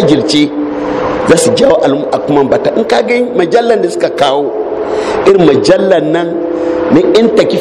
jajirce za su jawo al'umman bata in ka ga majallan da suka kawo irin majallan nan na